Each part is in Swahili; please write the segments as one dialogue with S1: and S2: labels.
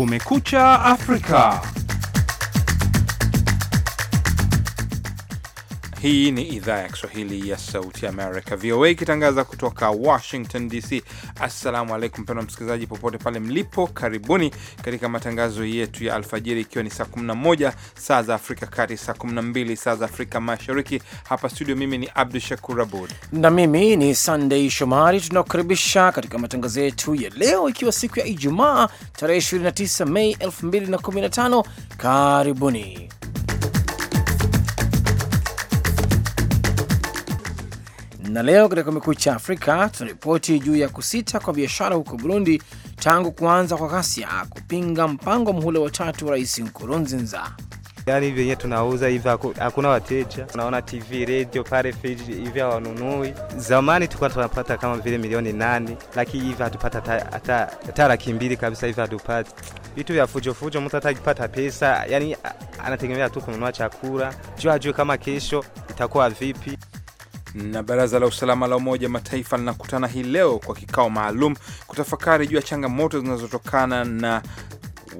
S1: Kumekucha Afrika. Hii ni idhaa ya Kiswahili ya Sauti Amerika, VOA, ikitangaza kutoka Washington DC. Assalamu alaikum mpendwa msikilizaji, popote pale mlipo, karibuni katika matangazo yetu ya alfajiri, ikiwa ni saa 11 saa za Afrika Kati, saa 12 saa za Afrika Mashariki. Hapa studio, mimi ni Abdu Shakur Abud
S2: na mimi ni Sandei Shomari. Tunakukaribisha katika matangazo yetu ya leo, ikiwa siku ya Ijumaa tarehe 29 Mei 2015. Karibuni. Na leo katika Kumekucha Afrika tunaripoti juu ya kusita kwa biashara huko Burundi tangu kuanza kwa ghasia kupinga mpango wa muhula wa wa Rais Nkurunziza.
S3: Yani hivi yenyewe tunauza hivi, hakuna wateja, unaona TV, redio pale, friji hivi hawanunui. Zamani tulikuwa tunapata kama vile milioni nane, lakini hivi hatupata hata laki mbili kabisa, hivi hatupati vitu vya fujofujo. Mtu atakipata pesa, yani anategemea tu kununua chakula, jua hajui kama kesho itakuwa vipi. Na baraza la usalama la Umoja Mataifa linakutana hii leo kwa kikao maalum
S1: kutafakari juu ya changamoto zinazotokana na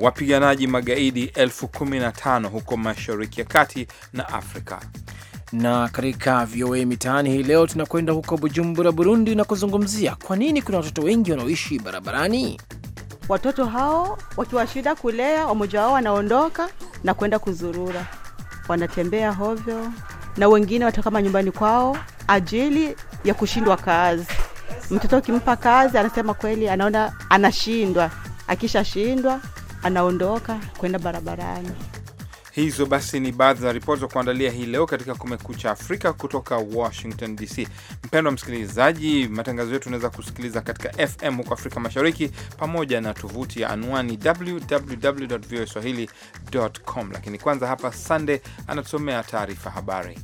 S1: wapiganaji magaidi elfu
S2: kumi na tano huko Mashariki ya Kati na Afrika. Na katika VOA Mitaani hii leo tunakwenda huko Bujumbura, Burundi, na kuzungumzia kwa nini kuna watoto wengi wanaoishi
S4: barabarani. Watoto hao wakiwa shida kulea, wamoja wao wanaondoka na kwenda kuzurura, wanatembea hovyo na wengine watakama nyumbani kwao ajili ya kushindwa kazi. Mtoto ukimpa kazi, anasema kweli, anaona anashindwa. Akishashindwa anaondoka kwenda barabarani.
S1: Hizo basi ni baadhi za ripoti za kuandalia hii leo katika Kumekucha Afrika kutoka Washington DC. Mpendwa msikilizaji, matangazo yetu unaweza kusikiliza katika FM huko Afrika Mashariki, pamoja na tovuti ya anwani www voa swahili com. Lakini kwanza hapa, Sande anatusomea taarifa habari.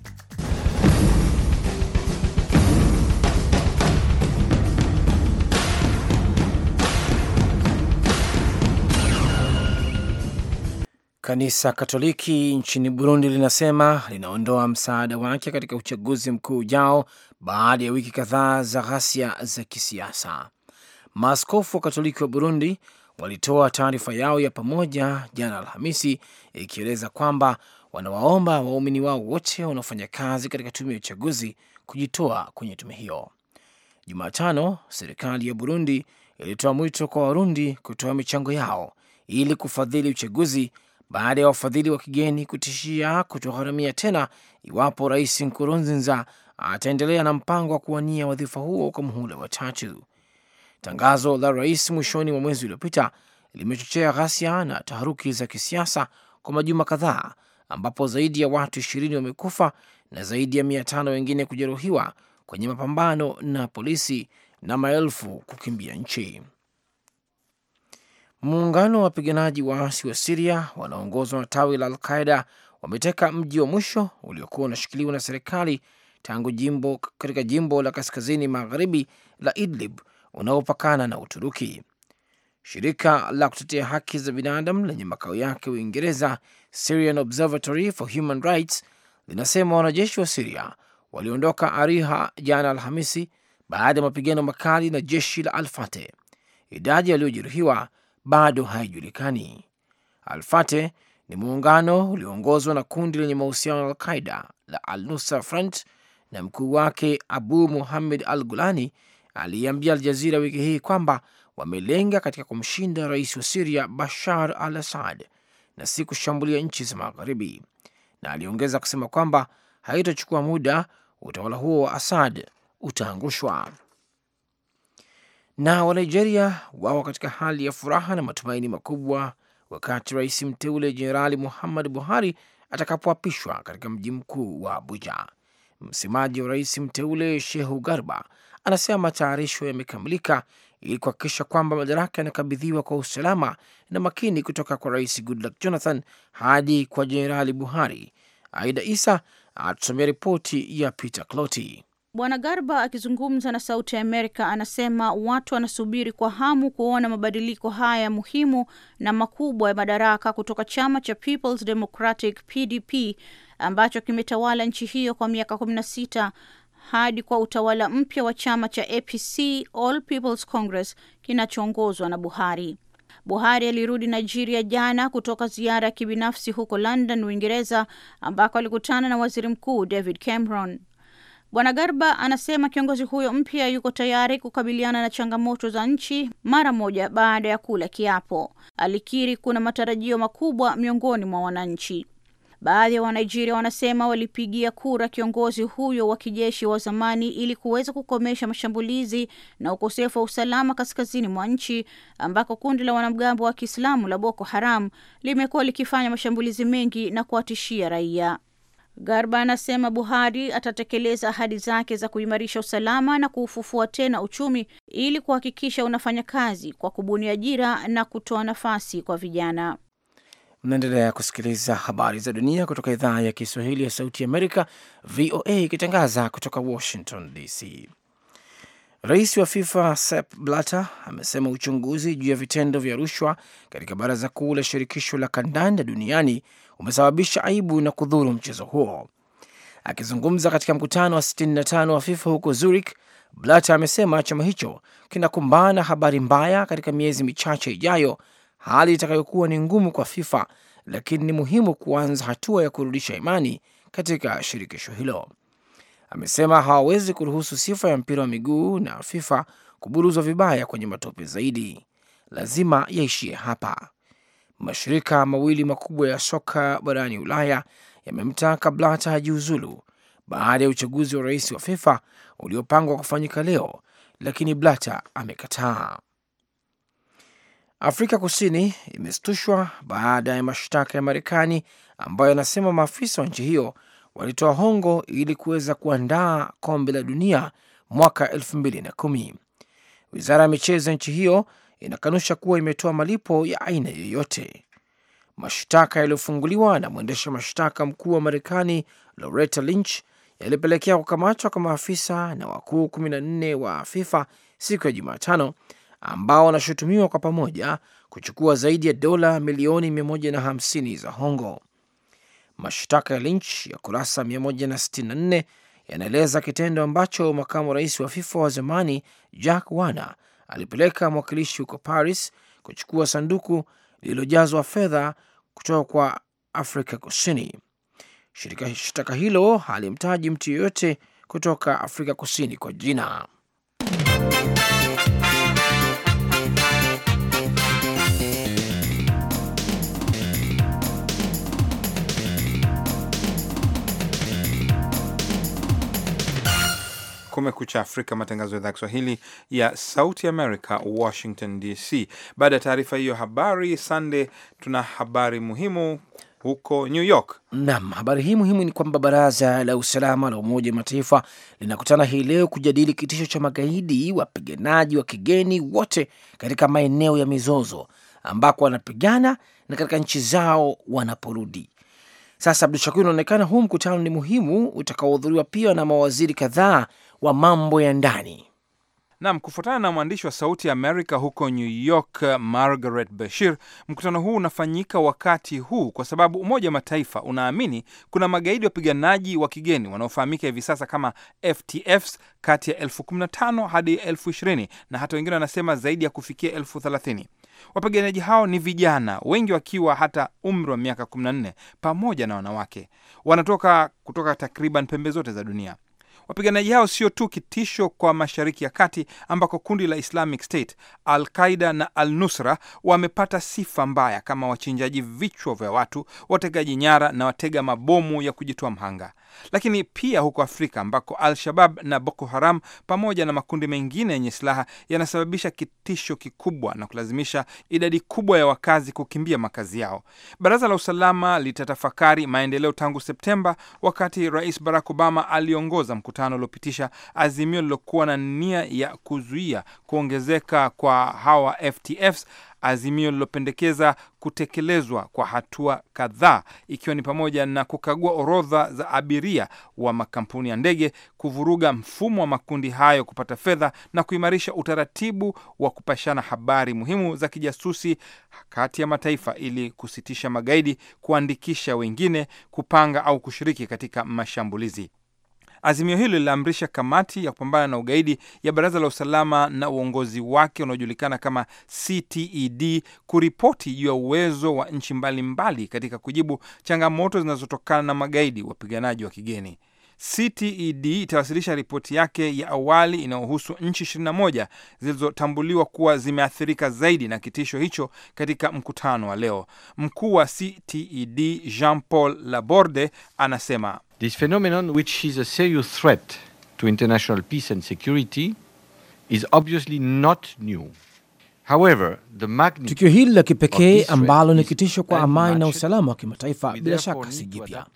S2: Kanisa Katoliki nchini Burundi linasema linaondoa msaada wake katika uchaguzi mkuu ujao baada ya wiki kadhaa za ghasia za kisiasa. Maaskofu wa Katoliki wa Burundi walitoa taarifa yao ya pamoja jana Alhamisi, ikieleza kwamba wanawaomba waumini wao wote wanaofanya kazi katika tume ya uchaguzi kujitoa kwenye tume hiyo. Jumatano, serikali ya Burundi ilitoa mwito kwa Warundi kutoa michango yao ili kufadhili uchaguzi baada ya wafadhili wa kigeni kutishia kutogharamia tena iwapo Rais Nkurunziza ataendelea na mpango wa kuwania wadhifa huo kwa muhula wa tatu. Tangazo la rais mwishoni mwa mwezi uliopita limechochea ghasia na taharuki za kisiasa kwa majuma kadhaa, ambapo zaidi ya watu ishirini wamekufa na zaidi ya mia tano wengine kujeruhiwa kwenye mapambano na polisi na maelfu kukimbia nchi. Muungano wa wapiganaji waasi wa Siria wanaoongozwa na tawi la Alqaida wameteka mji wa mwisho uliokuwa unashikiliwa na serikali tangu jimbo katika jimbo la kaskazini magharibi la Idlib unaopakana na Uturuki. Shirika la kutetea haki za binadamu lenye makao yake Uingereza, Syrian Observatory for Human Rights, linasema wanajeshi wa Siria waliondoka Ariha jana Alhamisi baada ya mapigano makali na jeshi la Alfate. Idadi yaliyojeruhiwa bado haijulikani. Alfate ni muungano ulioongozwa na kundi lenye mahusiano na Alqaida la al Front na mkuu wake Abu Muhammed Al Gulani aliyeambia Aljazira wiki hii kwamba wamelenga katika kumshinda rais wa Siria Bashar al Assad na si kushambulia nchi za Magharibi, na aliongeza kusema kwamba haitochukua muda utawala huo wa Assad utaangushwa. Na wa Nigeria wao katika hali ya furaha na matumaini makubwa wakati rais mteule Jenerali Muhammad Buhari atakapoapishwa katika mji mkuu wa Abuja. Msemaji wa rais mteule Shehu Garba anasema matayarisho yamekamilika ili kuhakikisha kwamba madaraka yanakabidhiwa kwa usalama na makini kutoka kwa rais Goodluck Jonathan hadi kwa Jenerali Buhari. Aida Isa atusomea ripoti ya Peter Cloti.
S5: Bwana Garba akizungumza na Sauti ya Amerika anasema watu wanasubiri kwa hamu kuona mabadiliko haya muhimu na makubwa ya madaraka kutoka chama cha Peoples Democratic PDP ambacho kimetawala nchi hiyo kwa miaka 16 hadi kwa utawala mpya wa chama cha APC All Peoples Congress kinachoongozwa na Buhari. Buhari alirudi Nigeria jana kutoka ziara ya kibinafsi huko London, Uingereza, ambako alikutana na waziri mkuu David Cameron. Bwana Garba anasema kiongozi huyo mpya yuko tayari kukabiliana na changamoto za nchi mara moja baada ya kula kiapo. Alikiri kuna matarajio makubwa miongoni mwa wananchi. Baadhi ya Wanigeria wanasema walipigia kura kiongozi huyo wa kijeshi wa zamani ili kuweza kukomesha mashambulizi na ukosefu wa usalama kaskazini mwa nchi ambako kundi la wanamgambo wa Kiislamu la Boko Haram limekuwa likifanya mashambulizi mengi na kuwatishia raia. Garba anasema Buhari atatekeleza ahadi zake za kuimarisha usalama na kuufufua tena uchumi ili kuhakikisha unafanya kazi kwa kubuni ajira na kutoa nafasi kwa vijana.
S2: Mnaendelea kusikiliza habari za dunia kutoka idhaa ya Kiswahili ya Sauti ya Amerika, VOA, ikitangaza kutoka Washington DC. Rais wa FIFA Sepp Blatter amesema uchunguzi juu ya vitendo vya rushwa katika Baraza Kuu la Shirikisho la Kandanda duniani umesababisha aibu na kudhuru mchezo huo. Akizungumza katika mkutano wa 65 wa FIFA huko Zurich, Blatter amesema chama hicho kinakumbana habari mbaya katika miezi michache ijayo, hali itakayokuwa ni ngumu kwa FIFA, lakini ni muhimu kuanza hatua ya kurudisha imani katika shirikisho hilo. Amesema hawawezi kuruhusu sifa ya mpira wa miguu na FIFA kuburuzwa vibaya kwenye matope zaidi, lazima yaishie hapa. Mashirika mawili makubwa ya soka barani Ulaya yamemtaka Blata ajiuzulu baada ya uchaguzi wa rais wa FIFA uliopangwa kufanyika leo, lakini Blata amekataa. Afrika Kusini imeshtushwa baada ya mashtaka ya Marekani ambayo yanasema maafisa wa nchi hiyo walitoa hongo ili kuweza kuandaa kombe la dunia mwaka elfu mbili na kumi. Wizara ya michezo ya nchi hiyo inakanusha kuwa imetoa malipo ya aina yoyote. Mashtaka yaliyofunguliwa na mwendesha mashtaka mkuu wa Marekani Loretta Lynch yalipelekea kukamatwa kwa maafisa na wakuu 14 wa FIFA siku ya Jumatano, ambao wanashutumiwa kwa pamoja kuchukua zaidi ya dola milioni 150 za hongo. Mashtaka ya Lynch ya kurasa 164 yanaeleza kitendo ambacho makamu rais wa FIFA wa zamani Jack Wana alipeleka mwakilishi huko Paris kuchukua sanduku lililojazwa fedha kutoka kwa Afrika Kusini. Shirika shtaka hilo halimtaji mtu yeyote kutoka Afrika Kusini kwa jina.
S1: Kumekucha Afrika, matangazo ya idhaa Kiswahili ya Sauti America, Washington DC. Baada ya taarifa hiyo habari Sande, tuna habari muhimu
S2: huko New York. Naam, habari hii muhimu ni kwamba baraza la usalama la Umoja wa Mataifa linakutana hii leo kujadili kitisho cha magaidi wapiganaji wa kigeni wote katika maeneo ya mizozo ambako wanapigana na katika nchi zao wanaporudi. Sasa Abdu Shakur, unaonekana huu mkutano ni muhimu utakaohudhuriwa pia na mawaziri kadhaa wa mambo ya ndani.
S1: Nam, kufuatana na mwandishi wa Sauti ya Amerika huko New York, Margaret Bashir, mkutano huu unafanyika wakati huu kwa sababu Umoja wa Mataifa unaamini kuna magaidi wapiganaji wa kigeni wanaofahamika hivi sasa kama FTFs kati ya elfu kumi na tano hadi elfu ishirini na hata wengine wanasema zaidi ya kufikia elfu thelathini. Wapiganaji hao ni vijana, wengi wakiwa hata umri wa miaka 14 pamoja na wanawake, wanatoka kutoka takriban pembe zote za dunia. Wapiganaji hao sio tu kitisho kwa Mashariki ya Kati ambako kundi la Islamic State, Al-Qaida na Al-Nusra wamepata sifa mbaya kama wachinjaji vichwa vya watu, wategaji nyara na watega mabomu ya kujitoa mhanga lakini pia huko Afrika ambako Al-Shabab na Boko Haram pamoja na makundi mengine yenye silaha yanasababisha kitisho kikubwa na kulazimisha idadi kubwa ya wakazi kukimbia makazi yao. Baraza la Usalama litatafakari maendeleo tangu Septemba, wakati Rais Barack Obama aliongoza mkutano uliopitisha azimio lilokuwa na nia ya kuzuia kuongezeka kwa hawa FTFs azimio lililopendekeza kutekelezwa kwa hatua kadhaa, ikiwa ni pamoja na kukagua orodha za abiria wa makampuni ya ndege, kuvuruga mfumo wa makundi hayo kupata fedha na kuimarisha utaratibu wa kupashana habari muhimu za kijasusi kati ya mataifa ili kusitisha magaidi kuandikisha wengine, kupanga au kushiriki katika mashambulizi. Azimio hilo liliamrisha kamati ya kupambana na ugaidi ya Baraza la Usalama na uongozi wake unaojulikana kama CTED kuripoti juu ya uwezo wa nchi mbalimbali katika kujibu changamoto zinazotokana na magaidi wapiganaji wa kigeni. CTED itawasilisha ripoti yake ya awali inayohusu nchi 21 zilizotambuliwa kuwa zimeathirika zaidi na kitisho hicho katika mkutano wa leo. Mkuu wa CTED Jean Paul Laborde anasema
S6: This phenomenon which is a serious threat
S1: to international peace and security is obviously not new. However, the magnitude
S2: tukio hili la kipekee ambalo ni kitisho kwa amani na usalama wa kimataifa bila shaka si jipya.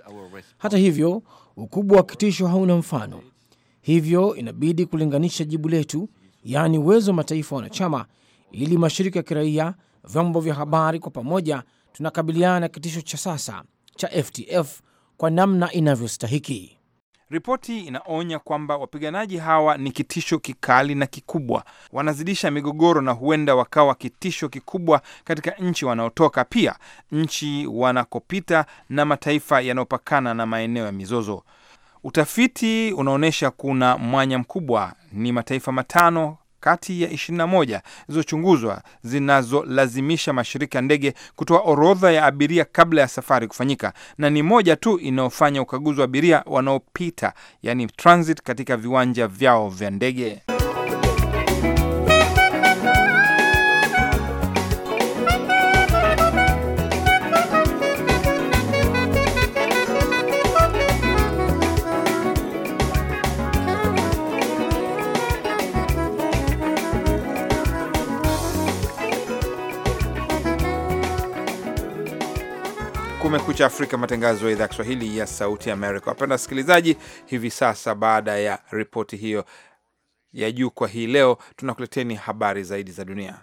S2: Hata hivyo, Ukubwa wa kitisho hauna mfano, hivyo inabidi kulinganisha jibu letu, yaani uwezo wa mataifa wanachama, ili mashirika ya kiraia, vyombo vya habari, kwa pamoja tunakabiliana na kitisho cha sasa cha FTF kwa namna inavyostahiki.
S1: Ripoti inaonya kwamba wapiganaji hawa ni kitisho kikali na kikubwa, wanazidisha migogoro na huenda wakawa kitisho kikubwa katika nchi wanaotoka, pia nchi wanakopita na mataifa yanayopakana na maeneo ya mizozo. Utafiti unaonyesha kuna mwanya mkubwa, ni mataifa matano kati ya 21 zilizochunguzwa zinazolazimisha mashirika ya ndege kutoa orodha ya abiria kabla ya safari kufanyika, na ni moja tu inayofanya ukaguzi wa abiria wanaopita, yani transit, katika viwanja vyao vya ndege. Kumekucha Afrika, matangazo ya idhaa ya Kiswahili ya Sauti ya Amerika. Wapenda wasikilizaji, hivi sasa baada ya ripoti hiyo ya juu kwa hii leo, tunakuleteni habari zaidi za dunia.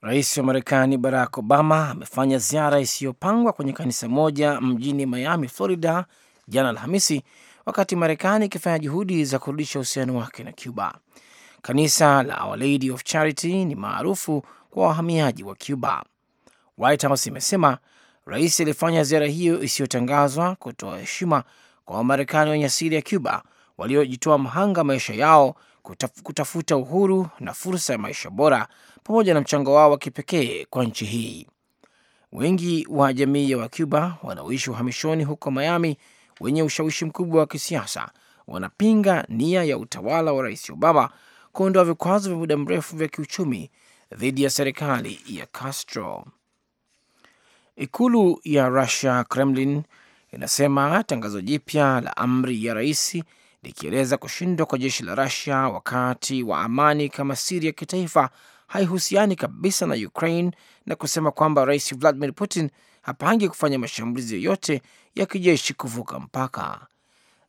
S2: Rais wa Marekani Barack Obama amefanya ziara isiyopangwa kwenye kanisa moja mjini Miami, Florida jana Alhamisi, wakati Marekani ikifanya juhudi za kurudisha uhusiano wake na Cuba. Kanisa la Our Lady of Charity ni maarufu kwa wahamiaji wa Cuba. White House imesema rais alifanya ziara hiyo isiyotangazwa kutoa heshima kwa Wamarekani wenye asili ya Cuba waliojitoa mhanga maisha yao kutaf kutafuta uhuru na fursa ya maisha bora pamoja na mchango wao wa kipekee kwa nchi hii. Wengi wa jamii ya Wacuba wanaoishi uhamishoni huko Miami wenye ushawishi mkubwa wa kisiasa wanapinga nia ya utawala wa Rais Obama kuondoa vikwazo vya muda mrefu vya kiuchumi dhidi ya serikali ya Castro. Ikulu ya Russia, Kremlin, inasema tangazo jipya la amri ya rais likieleza kushindwa kwa jeshi la Russia wakati wa amani kama siri ya kitaifa haihusiani kabisa na Ukraine na kusema kwamba rais Vladimir Putin hapangi kufanya mashambulizi yoyote ya kijeshi kuvuka mpaka.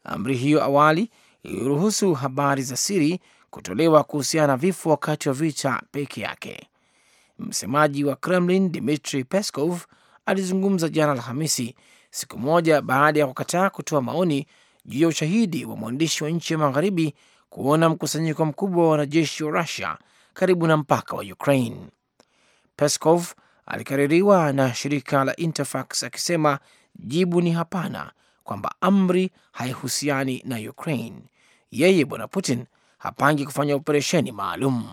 S2: Amri hiyo awali iliruhusu habari za siri kutolewa kuhusiana na vifo wakati wa vita peke yake. Msemaji wa Kremlin Dmitri Peskov alizungumza jana Alhamisi, siku moja baada ya kukataa kutoa maoni juu ya ushahidi wa mwandishi wa nchi ya magharibi kuona mkusanyiko mkubwa wa wanajeshi wa Rusia karibu na mpaka wa Ukraine. Peskov alikaririwa na shirika la Interfax akisema jibu ni hapana, kwamba amri haihusiani na Ukraine. Yeye Bwana Putin hapangi kufanya operesheni maalum.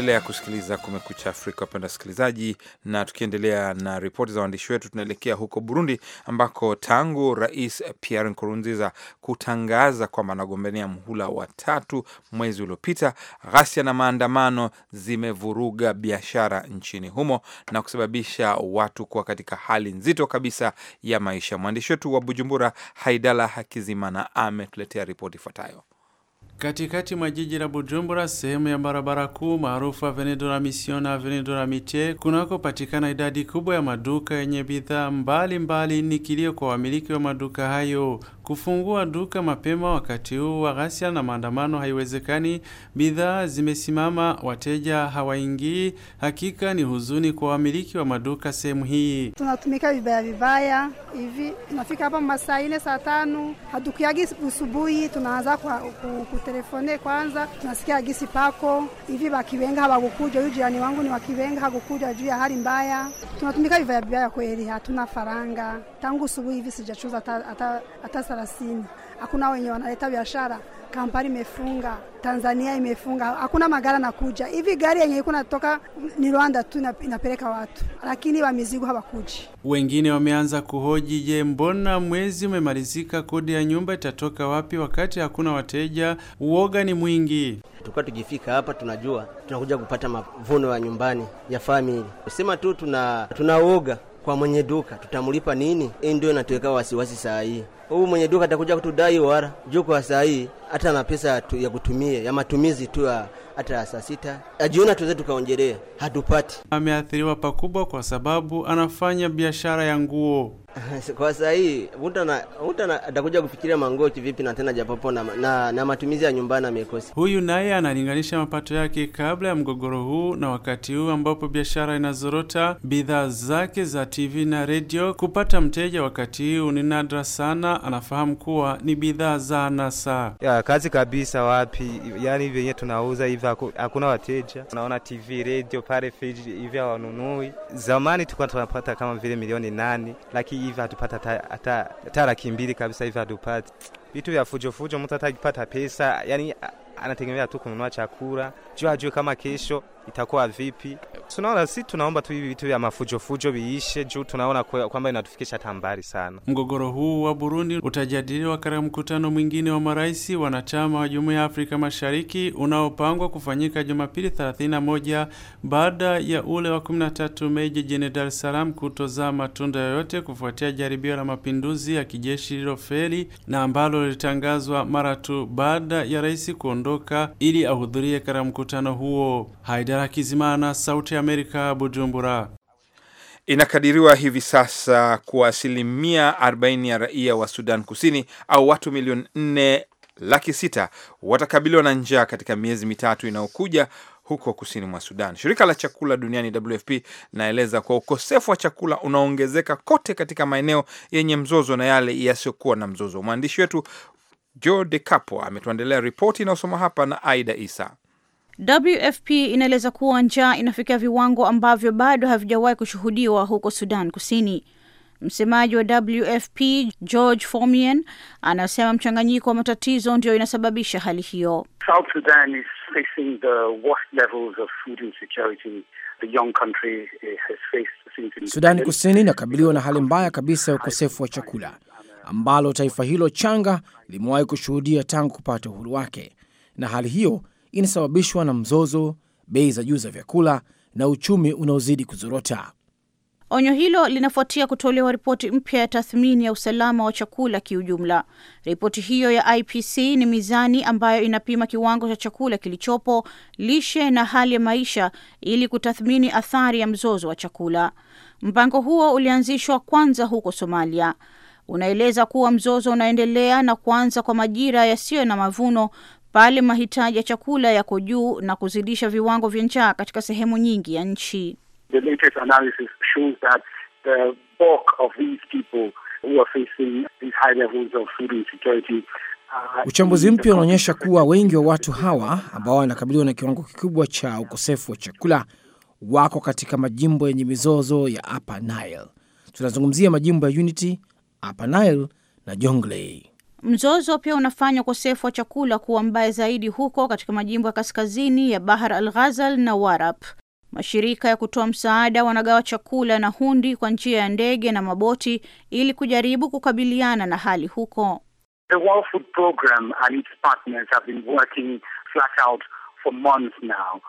S1: Mnaendelea kusikiliza Kumekucha Afrika, wapenda wasikilizaji, na tukiendelea na ripoti za waandishi wetu, tunaelekea huko Burundi ambako tangu Rais Pierre Nkurunziza kutangaza kwamba anagombania mhula wa tatu mwezi uliopita, ghasia na maandamano zimevuruga biashara nchini humo na kusababisha watu kuwa katika hali nzito kabisa ya maisha. Mwandishi wetu wa Bujumbura, Haidala Hakizimana, ametuletea ripoti ifuatayo.
S6: Katikati mwa jiji la Bujumbura, sehemu ya barabara kuu maarufu Avenue de la Mission na Avenue de la Mite, kunakopatikana idadi kubwa ya maduka yenye bidhaa mbalimbali, ni kilio kwa wamiliki wa maduka hayo. Kufungua duka mapema wakati huu wa ghasia na maandamano haiwezekani. Bidhaa zimesimama, wateja hawaingii. Hakika ni huzuni kwa wamiliki wa maduka sehemu hii.
S4: Tunatumika vibaya vibaya hivi, tunafika hapa masaa ine saa tano hatukiagi usubuhi, tunaanza kwa kutelefone kwanza, tunasikia gisi pako hivi, wakiwenga hawakukuja. Huyu jirani wangu ni wakiwenga, hakukuja juu ya hali mbaya. Tunatumika vibaya vibaya kweli, hatuna faranga tangu subuhi hivi, sijachuza hata thelathini. Hakuna wenye wanaleta biashara, kampari imefunga, Tanzania imefunga, hakuna magari nakuja hivi. Gari yenye iko natoka ni Rwanda tu inapeleka watu, lakini wa mizigo hawakuji.
S6: Wengine wameanza kuhoji, je, mbona mwezi umemalizika, kodi ya nyumba itatoka wapi wakati hakuna wateja? Uoga ni mwingi. Tulikuwa tukifika hapa tunajua tunakuja kupata mavuno ya nyumbani
S4: ya famili, sema tu tuna tunaoga kwa mwenye duka tutamlipa nini? Hii ndio inatuweka wasiwasi saa hii. Huyu mwenye duka atakuja kutudai wara juu kwa saa hii, hata na pesa tu ya kutumia ya matumizi tu hata saa sita ajiona tuweze tukaonjelea hatupati.
S6: Ameathiriwa pakubwa kwa sababu anafanya biashara ya nguo.
S4: Kwa saa hii mtu atakuja kufikiria mangochi vipi na tena japopo na, na, na matumizi ya nyumbani amekosa.
S6: Huyu naye analinganisha mapato yake kabla ya mgogoro huu na wakati huu ambapo biashara inazorota, bidhaa zake za TV na redio kupata mteja wakati huu ni nadra sana. Anafahamu kuwa ni bidhaa za anasa
S3: ya kazi kabisa. Wapi yani vyenye tunauza hivi hakuna wateja, unaona TV redio pale, friji hivi hawanunui. Zamani tulikuwa tunapata kama vile milioni nane lakini hivi hatupata hata laki mbili kabisa, hivi hatupati vitu vya fujo fujo. Mtu atakipata pesa, yani anategemea tu kununua chakula, juu hajui kama kesho itakuwa vipi? Tunaona si tunaomba tu hivi vitu vya mafujofujo viishe, juu tunaona kwamba inatufikisha tambari sana.
S6: Mgogoro huu wa Burundi utajadiliwa katika mkutano mwingine wa marais wanachama wa Jumuiya ya Afrika Mashariki unaopangwa kufanyika Jumapili 31 baada ya ule wa 13 Mei jijini Dar es Salaam kutozaa matunda yoyote kufuatia jaribio la mapinduzi ya kijeshi lililofeli na ambalo lilitangazwa mara tu baada ya rais kuondoka ili ahudhurie katika mkutano huo. Haidara Hakizimana, Sauti ya Amerika, Bujumbura.
S1: Inakadiriwa hivi sasa kuwa asilimia 40 ya raia wa Sudan Kusini au watu milioni 4 laki 6 watakabiliwa na njaa katika miezi mitatu inayokuja huko kusini mwa Sudan. Shirika la chakula duniani WFP naeleza kuwa ukosefu wa chakula unaongezeka kote katika maeneo yenye mzozo na yale yasiyokuwa na mzozo. Mwandishi wetu Joe De Capo ametuandelea ripoti inayosoma hapa na Aida Isa.
S5: WFP inaeleza kuwa njaa inafikia viwango ambavyo bado havijawahi kushuhudiwa huko Sudan Kusini. Msemaji wa WFP George Formian anasema mchanganyiko wa matatizo ndio inasababisha hali hiyo.
S1: South Sudan is facing the worst levels of food insecurity the young
S4: country eh, has faced since Sudan
S2: Kusini inakabiliwa na hali mbaya kabisa ya ukosefu wa chakula ambalo taifa hilo changa limewahi kushuhudia tangu kupata uhuru wake, na hali hiyo inasababishwa na mzozo, bei za juu za vyakula na uchumi unaozidi kuzorota.
S5: Onyo hilo linafuatia kutolewa ripoti mpya ya tathmini ya usalama wa chakula kiujumla. Ripoti hiyo ya IPC ni mizani ambayo inapima kiwango cha chakula kilichopo, lishe na hali ya maisha ili kutathmini athari ya mzozo wa chakula. Mpango huo ulianzishwa kwanza huko Somalia. Unaeleza kuwa mzozo unaendelea na kuanza kwa majira yasiyo na mavuno pale mahitaji ya chakula yako juu na kuzidisha viwango vya njaa katika sehemu nyingi ya nchi.
S4: Uh, Uchambuzi mpya unaonyesha
S2: kuwa wengi wa watu hawa ambao wanakabiliwa na kiwango kikubwa cha ukosefu wa chakula wako katika majimbo yenye mizozo ya Upper Nile. Tunazungumzia majimbo ya Unity, Upper Nile na Jonglei.
S5: Mzozo pia unafanya ukosefu wa chakula kuwa mbaya zaidi huko katika majimbo ya kaskazini ya Bahar al Ghazal na Warab. Mashirika ya kutoa msaada wanagawa chakula na hundi kwa njia ya ndege na maboti ili kujaribu kukabiliana na hali huko.
S4: The World Food Program and its partners have been
S1: working flat out for months now.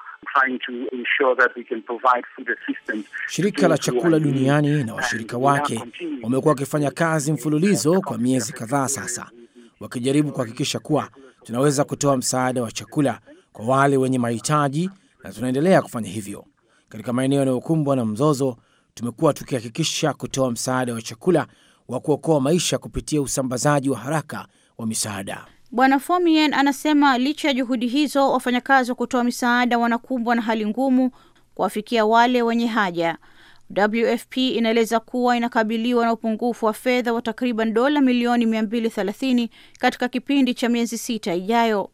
S2: Shirika la Chakula Duniani na washirika wake wamekuwa wakifanya kazi mfululizo kwa miezi kadhaa sasa, wakijaribu kuhakikisha kuwa tunaweza kutoa msaada wa chakula kwa wale wenye mahitaji, na tunaendelea kufanya hivyo katika maeneo yanayokumbwa na mzozo. Tumekuwa tukihakikisha kutoa msaada wa chakula wa kuokoa maisha kupitia usambazaji wa haraka wa misaada.
S5: Bwana Fomien anasema licha ya juhudi hizo, wafanyakazi wa kutoa misaada wanakumbwa na hali ngumu kuwafikia wale wenye haja. WFP inaeleza kuwa inakabiliwa na upungufu wa fedha wa takriban dola milioni 230 katika kipindi cha miezi sita ijayo.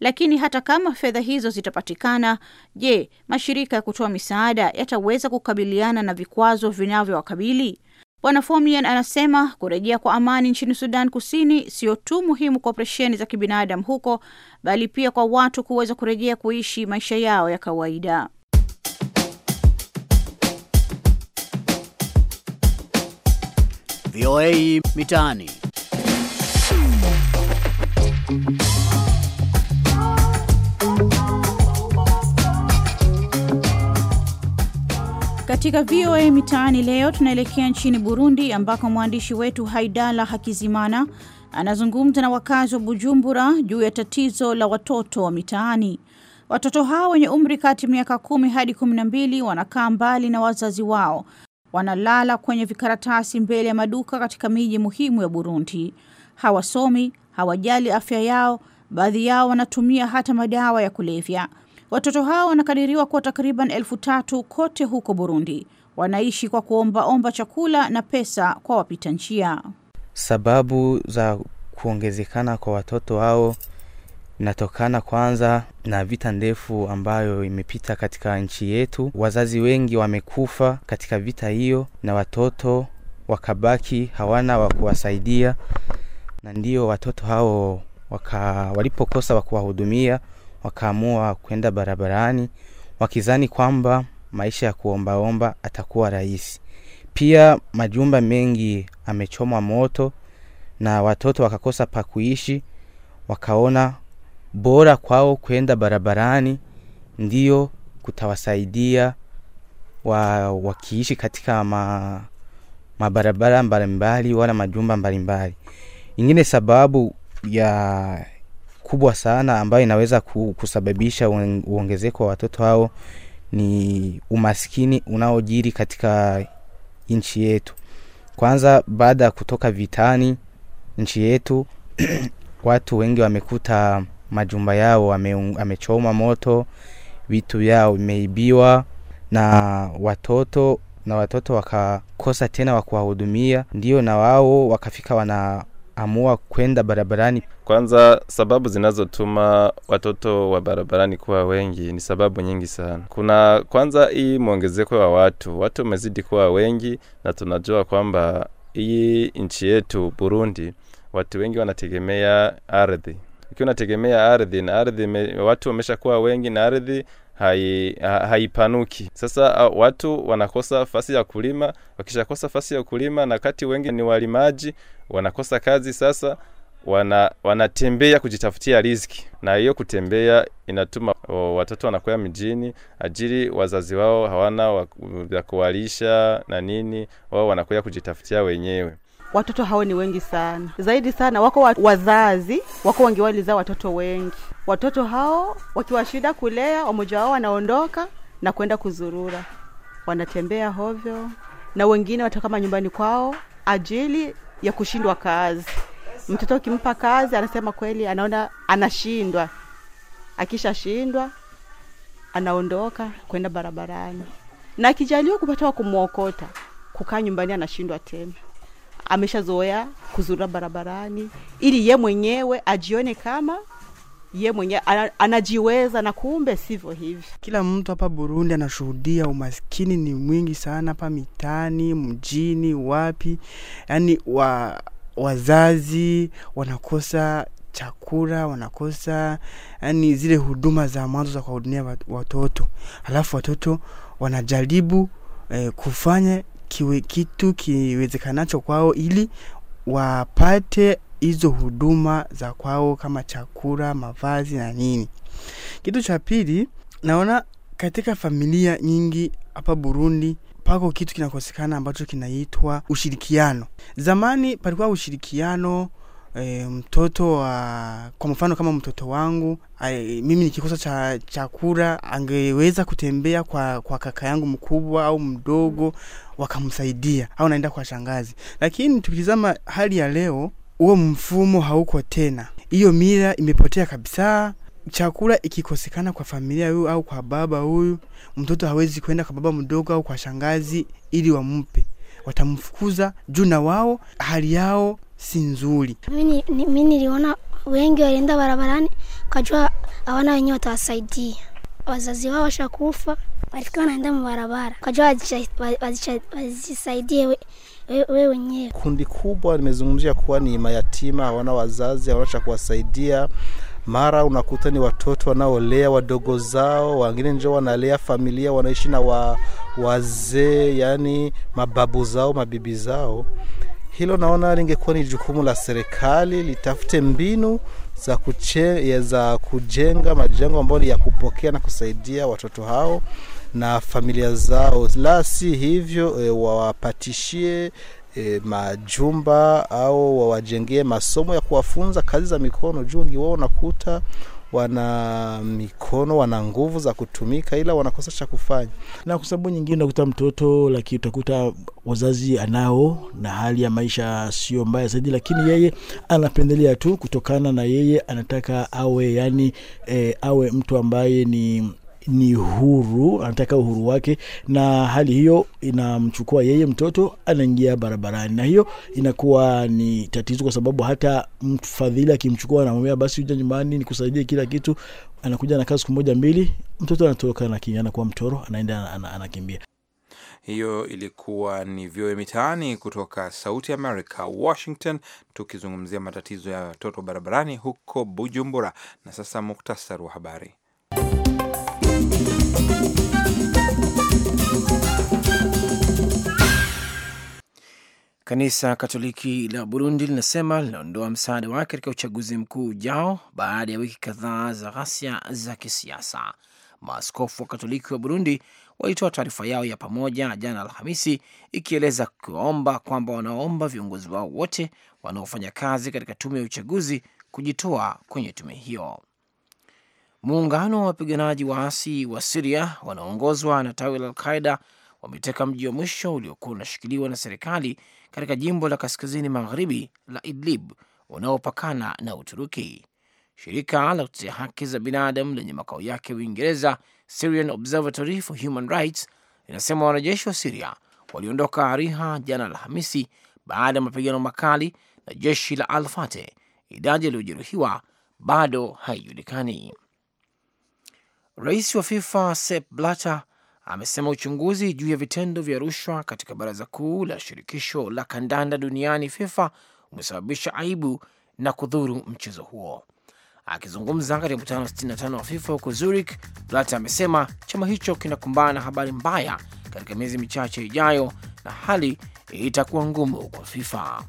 S5: Lakini hata kama fedha hizo zitapatikana, je, mashirika ya kutoa misaada yataweza kukabiliana na vikwazo vinavyowakabili? Bwana Fomian anasema kurejea kwa amani nchini Sudan Kusini sio tu muhimu kwa operesheni za kibinadamu huko, bali pia kwa watu kuweza kurejea kuishi maisha yao ya kawaida. VOA Mitaani. Katika VOA Mitaani leo tunaelekea nchini Burundi ambako mwandishi wetu Haidala Hakizimana anazungumza na wakazi wa Bujumbura juu ya tatizo la watoto wa mitaani. Watoto hao wenye umri kati ya miaka kumi hadi kumi na mbili wanakaa mbali na wazazi wao, wanalala kwenye vikaratasi mbele ya maduka katika miji muhimu ya Burundi. Hawasomi, hawajali afya yao, baadhi yao wanatumia hata madawa ya kulevya. Watoto hao wanakadiriwa kuwa takriban elfu tatu kote huko Burundi. Wanaishi kwa kuombaomba chakula na pesa kwa wapita njia.
S7: Sababu za kuongezekana kwa watoto hao inatokana kwanza na vita ndefu ambayo imepita katika nchi yetu. Wazazi wengi wamekufa katika vita hiyo, na watoto wakabaki hawana wa kuwasaidia, na ndio watoto hao waka, walipokosa wa kuwahudumia wakaamua kwenda barabarani wakizani kwamba maisha ya kuombaomba atakuwa rahisi. Pia majumba mengi amechomwa moto na watoto wakakosa pa kuishi, wakaona bora kwao kwenda barabarani ndiyo kutawasaidia wa, wakiishi katika ma, mabarabara mbalimbali wala majumba mbalimbali. Ingine sababu ya kubwa sana ambayo inaweza kusababisha uongezeko wa watoto hao ni umaskini unaojiri katika nchi yetu. Kwanza, baada ya kutoka vitani nchi yetu watu wengi wamekuta majumba yao ame moto, vitu vyao vimeibiwa na watoto na watoto wakakosa tena wa kuwahudumia, ndio na wao wakafika wana amua kwenda barabarani.
S3: Kwanza, sababu zinazotuma watoto wa barabarani kuwa wengi ni sababu nyingi sana. Kuna kwanza hii mwongezeko wa watu, watu wamezidi kuwa wengi, na tunajua kwamba hii nchi yetu Burundi watu wengi wanategemea ardhi. Ikiwa unategemea ardhi na ardhi, watu wameshakuwa wengi na ardhi haipanuki hai sasa uh, watu wanakosa fasi ya kulima wakishakosa fasi ya kulima na kati wengi ni walimaji wanakosa kazi sasa wana wanatembea kujitafutia riski na hiyo kutembea inatuma o, watoto wanakuwa mjini ajili wazazi wao hawana vya kuwalisha na nini wao wanakwea kujitafutia wenyewe
S4: Watoto hao ni wengi sana, zaidi sana wako wazazi, wako wengi watoto wengi. Watoto hao wakiwa shida kulea, wamoja wao wanaondoka na kwenda kuzurura, wanatembea hovyo, na wengine watakama nyumbani kwao ajili ya kushindwa kazi. Mtoto ukimpa kazi, anasema kweli, anaona anashindwa. Akishashindwa anaondoka kwenda barabarani, na akijaliwa kupata wa kumwokota, kukaa nyumbani anashindwa tena ameshazoea kuzura barabarani ili ye mwenyewe ajione kama ye mwenyewe anajiweza, na kumbe sivyo hivi.
S8: Kila mtu hapa Burundi anashuhudia umaskini ni mwingi sana hapa mitaani, mjini, wapi, yaani wa wazazi wanakosa chakula wanakosa, yani zile huduma za mwanzo za kuwahudumia watoto, halafu watoto wanajaribu eh, kufanya kiwe kitu kiwezekanacho kwao ili wapate hizo huduma za kwao kama chakula, mavazi na nini. Kitu cha pili, naona katika familia nyingi hapa Burundi pako kitu kinakosekana ambacho kinaitwa ushirikiano. Zamani palikuwa ushirikiano e, mtoto wa kwa mfano kama mtoto wangu ai, mimi nikikosa cha chakula angeweza kutembea kwa, kwa kaka yangu mkubwa au mdogo wakamsaidia au naenda kwa shangazi, lakini tukitizama hali ya leo huo mfumo hauko tena, hiyo mila imepotea kabisa. Chakula ikikosekana kwa familia huyu au kwa baba huyu, mtoto hawezi kwenda kwa baba mdogo au kwa shangazi ili wampe, watamfukuza juu na wao hali yao si nzuri.
S7: Mimi niliona wengi walienda barabarani, ukajua hawana wenyewe watawasaidia, wazazi wao washakufa, walikuwa wanaenda mbarabara, ukajua wazisaidie wewe wenyewe. Kundi kubwa limezungumzia kuwa ni mayatima, hawana wazazi, hawana cha kuwasaidia mara unakuta ni watoto wanaolea wadogo zao, wengine njo wanalea familia, wanaishi na wa, wazee, yani mababu zao mabibi zao. Hilo naona lingekuwa ni jukumu la serikali litafute mbinu za, kuche, za kujenga majengo ambayo ni ya kupokea na kusaidia watoto hao na familia zao, la si hivyo e, wawapatishie E, majumba au wawajengee masomo ya kuwafunza kazi za mikono juu ngiwao nakuta wana mikono, wana nguvu za kutumika, ila wanakosa cha kufanya. Na kwa sababu nyingine unakuta
S8: mtoto lakini utakuta wazazi anao na hali ya maisha sio mbaya zaidi, lakini yeye anapendelea tu kutokana na yeye anataka awe yani, e, awe mtu ambaye ni ni huru, anataka uhuru wake, na hali hiyo inamchukua yeye mtoto, anaingia barabarani, na hiyo inakuwa ni tatizo, kwa sababu hata mfadhili akimchukua, anamwambia basi uja nyumbani nikusaidie kila kitu, anakuja na kazi kumoja mbili, mtoto anatoka anakimbia, anakuwa mtoro, anaenda anakimbia.
S1: Hiyo ilikuwa ni vyoe mitaani kutoka Sauti America, Washington, tukizungumzia matatizo ya watoto barabarani huko Bujumbura. Na sasa muktasari
S2: wa habari. Kanisa Katoliki la Burundi linasema linaondoa msaada wake katika uchaguzi mkuu ujao baada ya wiki kadhaa za ghasia za kisiasa. Maaskofu wa Katoliki wa Burundi walitoa taarifa yao ya pamoja jana Alhamisi ikieleza kuomba kwamba wanaomba viongozi wao wote wanaofanya kazi katika tume ya uchaguzi kujitoa kwenye tume hiyo. Muungano wa wapiganaji waasi wa Siria wanaoongozwa na tawi la Alqaida wameteka mji wa mwisho uliokuwa unashikiliwa na serikali katika jimbo la kaskazini magharibi la Idlib unaopakana na Uturuki. Shirika la kutetea haki za binadamu lenye makao yake Uingereza, Syrian Observatory for Human Rights, linasema wanajeshi wa Siria waliondoka Ariha jana Alhamisi baada ya mapigano makali na jeshi la Alfate. Idadi yaliyojeruhiwa bado haijulikani. Rais wa FIFA Sepp Blatter amesema uchunguzi juu ya vitendo vya rushwa katika baraza kuu la shirikisho la kandanda duniani FIFA umesababisha aibu na kudhuru mchezo huo. Akizungumza katika mkutano 65 wa FIFA huko Zurich, Blatter amesema chama hicho kinakumbana na habari mbaya katika miezi michache ijayo na hali itakuwa ngumu kwa FIFA.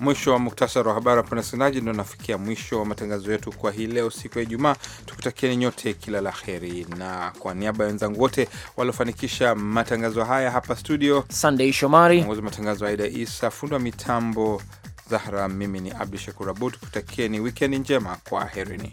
S2: Mwisho wa
S1: muktasari wa habari. Wapenda wasikilizaji, ndo nafikia mwisho wa matangazo yetu kwa hii leo, siku ya Ijumaa. Tukutakieni nyote kila la heri, na kwa niaba ya wenzangu wote waliofanikisha matangazo haya hapa studio, Sandei Shomari mwongozi wa matangazo, Aida Isa fundi wa mitambo, Zahra, mimi ni Abdu Shakur Abud, tukutakieni wikendi njema, kwa herini.